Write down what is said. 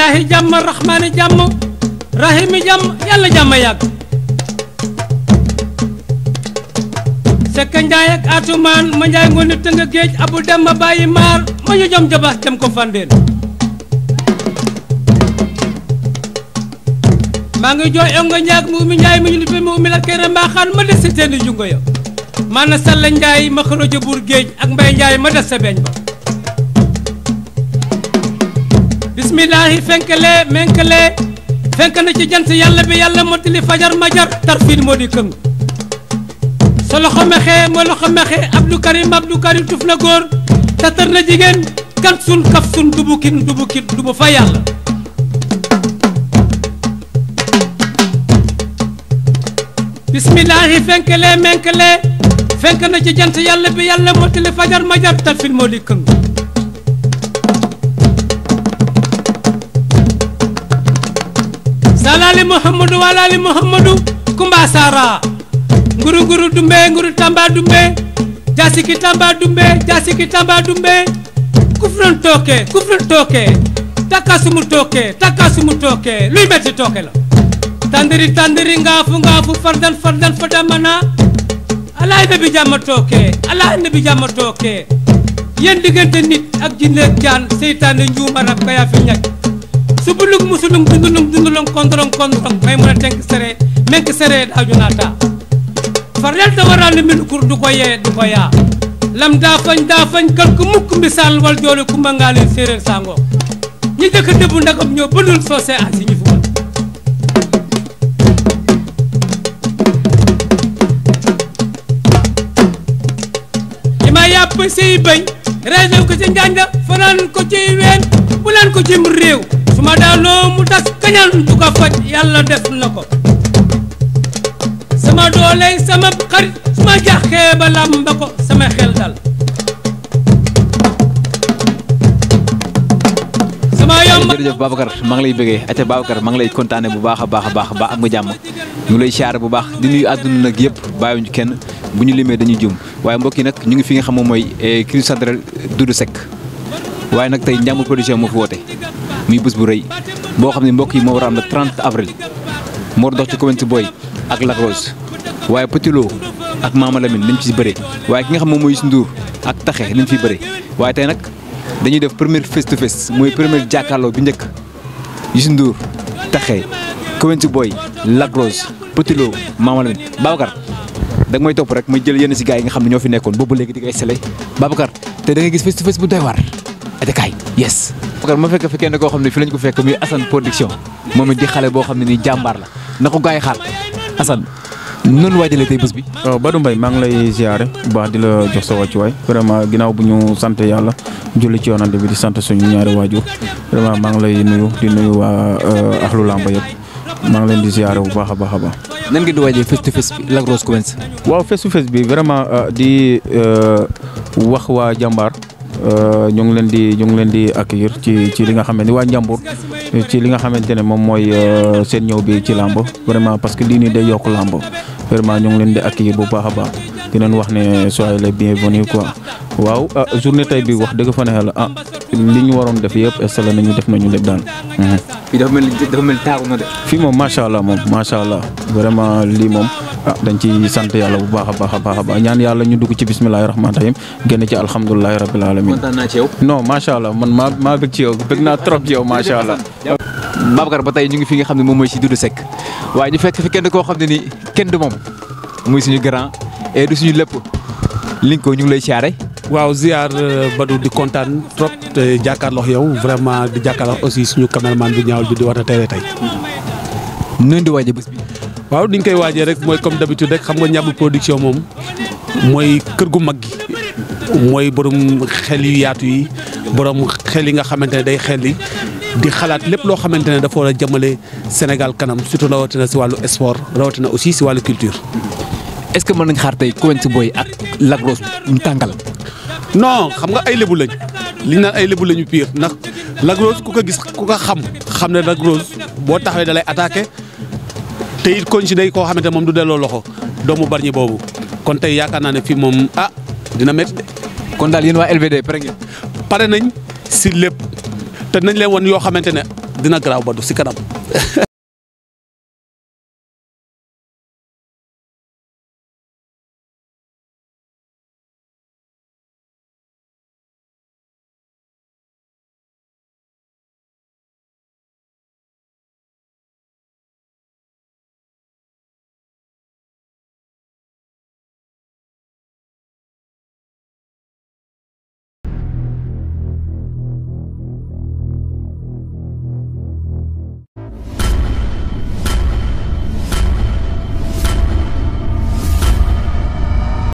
ilaahi jàmm rahmaani jàmm rahimi jàmm yàlla jàmm yàgg sekka njaay ak atumaan ma njaay ngoon ni tënk géej abu dem ma bàyyi maar ma ñu jom jabax jëm ko fandeen maa ngi jooy ongo njaag mu umi njaay mi ñu lippee mu umi la kere mbaaxaan ma des si teeni jungo ya maana salla njaay ma xorojo buur géej ak mbay njaay ma des sa beeñ ba bismillahi fenkale menkale fenk na ci jant yàlla bi yàlla mottali fajar majar tarfil moo di këng sa loxo mexee ma loxo mexee abdou karim abdou karim tuf na góor tatar na jigéen kan sun kaf sun dubukin dubukin dubu fa yàlla bismillahi fenkale menkale fenk na ci jant yàlla bi yàlla mottali fajar majar tarfil moo di këng dalali muhammadu walali muhammadu kumba sara Guru Guru dumbe Guru tamba dumbe jasi tamba dumbe jasi tamba dumbe kufrun toke kufrun toke takasumu toke takasumu toke luy metti toke la tandiri tandiri ngafu ngafu fardan fardan mana alay nabi jamma toke alay nabi jamma toke yen digante nit ak jinne jaan seytane kaya fi ñak subulug musulung dundulung dundulung kondorong kondorong maymuna tenk sere menk sere ajunata farlel tawarani min kurdu koye dukoya lam da fañ da fañ kalku mukk misal wal jole kumbangali séréer sango ñi dëkk dëbbu ndakam ñoo bënul soosé asi ñi fi woon ima yàpp sey bañ résew ko ci njanja fanaan ko ci ween bulaan ko ci mu réew suma ma daanoo mu dak kañal du ko fajj yalla def nako ko sama dooley sama xar suma jaxé ba lambako sama xel dal sama jërëjëf Babacar maa ngi lay beugé ate babakar ma ngi lay kontaane bu baax a baax ba am nga jamm ñu lay siyaare bu baax di nuyu aduna nak yépp yëpp bàyyiwuñu kenn bu ñu limé dañuy jum waye mbokk yi nag ñu ngi fi nga xam moom mooy eh, crise centrale Doudou Seck waaye nag tey Ndiambour production moo fi woté muy bés bu rëy boo xam ne mbokk yi moo war a am le 30 avril moo dox ci Koumpentoum Boy ak Lac Rose waaye Petit Lo ak Mama Lamine nañ ci bëre waaye ki nga xam moom mooy Youssou Ndour ak Taxe nañ fi bëre waaye tey nag dañuy def première face to mooy première jàkkaarloo bi njëkk Youssou Ndour Taxe Koumpentoum Boy Lac Rose Petit Lo Mama Lamine Babacar da nga may topp rek may jël yenn si gars yi nga xam ne ñoo fi nekkoon boobu léegi di koy sele Babacar te da nga Fakar ma fekk fi kenn koo xam ne fi lañ ko fekk muy Assane production moom it di xale boo xam ne nii jàmbaar la na ko gaa yi xaar Assane noonu waajalee tey bés bi. ba oh, Badou Mbaye maa ngi lay ziare bu baax di la jox sa wàccuwaay vraiment ginnaaw bu ñu sant yàlla julli ci yoonante bi di sant suñu ñaari waajur vraiment maa ngi lay nuyu di nuyu waa euh, axlu làmba yëpp maa ngi leen di ziare bu baax a baax a baax. nan ngeen di waajee face to face bi Lac Rose commence. waaw face to face bi vraiment euh, di euh, wax waa jàmbaar. Euh, ñu ngi leen di ñu ngi leen di accueillir ci ci li nga xamante ni waa ci li nga xamante ne moom euh, seen ñëw bi ci làmb vraiment parce que lii nii day yokk làmb vraiment ñu ngi leen di accueillir bu baax a baax di leen wax ne soyez les bienvenus quoi waaw ah, journée bi wax dëgg fa ah li ñu waroon def yëpp installé nañu def nañu lépp daal. fii dafa mel ni dafa fii moom macha allah moom macha allah vraiment lii moom ah dañ ci sant yàlla bu baax a baax a baax a baax ñaan yàlla ñu dugg ci bismillahi rahmaani rahim génn ci alhamdulilahi rabbil alamin. kontaan naa ci yow. non macha allah man maa maa bëgg ci yow bëgg naa trop ci yow macha ba tey ñu ngi fi nga xam ne moom mooy si Doudou Seck waaye ñu fekk fi kenn koo xam ne ni kenn du moom muy suñu grand et du suñu lépp Linko ñu ngi lay siyaare waaw ziar euh, badu di kontaan trop te jàkkaarloo yow vraiment di Jakarta. aussi suñu cameraman bi ñaawul bi di war a teere tey. nañ di waajee bés bi. waaw ni ñu koy waajee rek mooy comme d'habitude rek xam nga ñàbb production moom mooy kër gu mag gi mooy borom xel yu yaatu borom xel yi nga xamante ne day xel yi di xalaat lépp loo xamante ne dafa war a jëmale Sénégal kanam surtout rawatina si wàllu sport rawatina aussi si wàllu culture. est-ce que mën nañ xaar tey Boy ak Lac ñu non xam nga ay lébu lañ li ñu naan ay lébu lañu pire ndax Lac Rose ku ko gis ku ko xam xam ne Lac Rose boo taxawee dalay attaque attaqué te it continué koo xamante moom du delloo loxo doomu barñi boobu kon tey yaakaar naa ne fii moom ah dina métti kon daal yéen waa LVD pare ngeen. pare nañ si lépp te nañ leen won yoo xamante ne dina garaaw ba si kanam.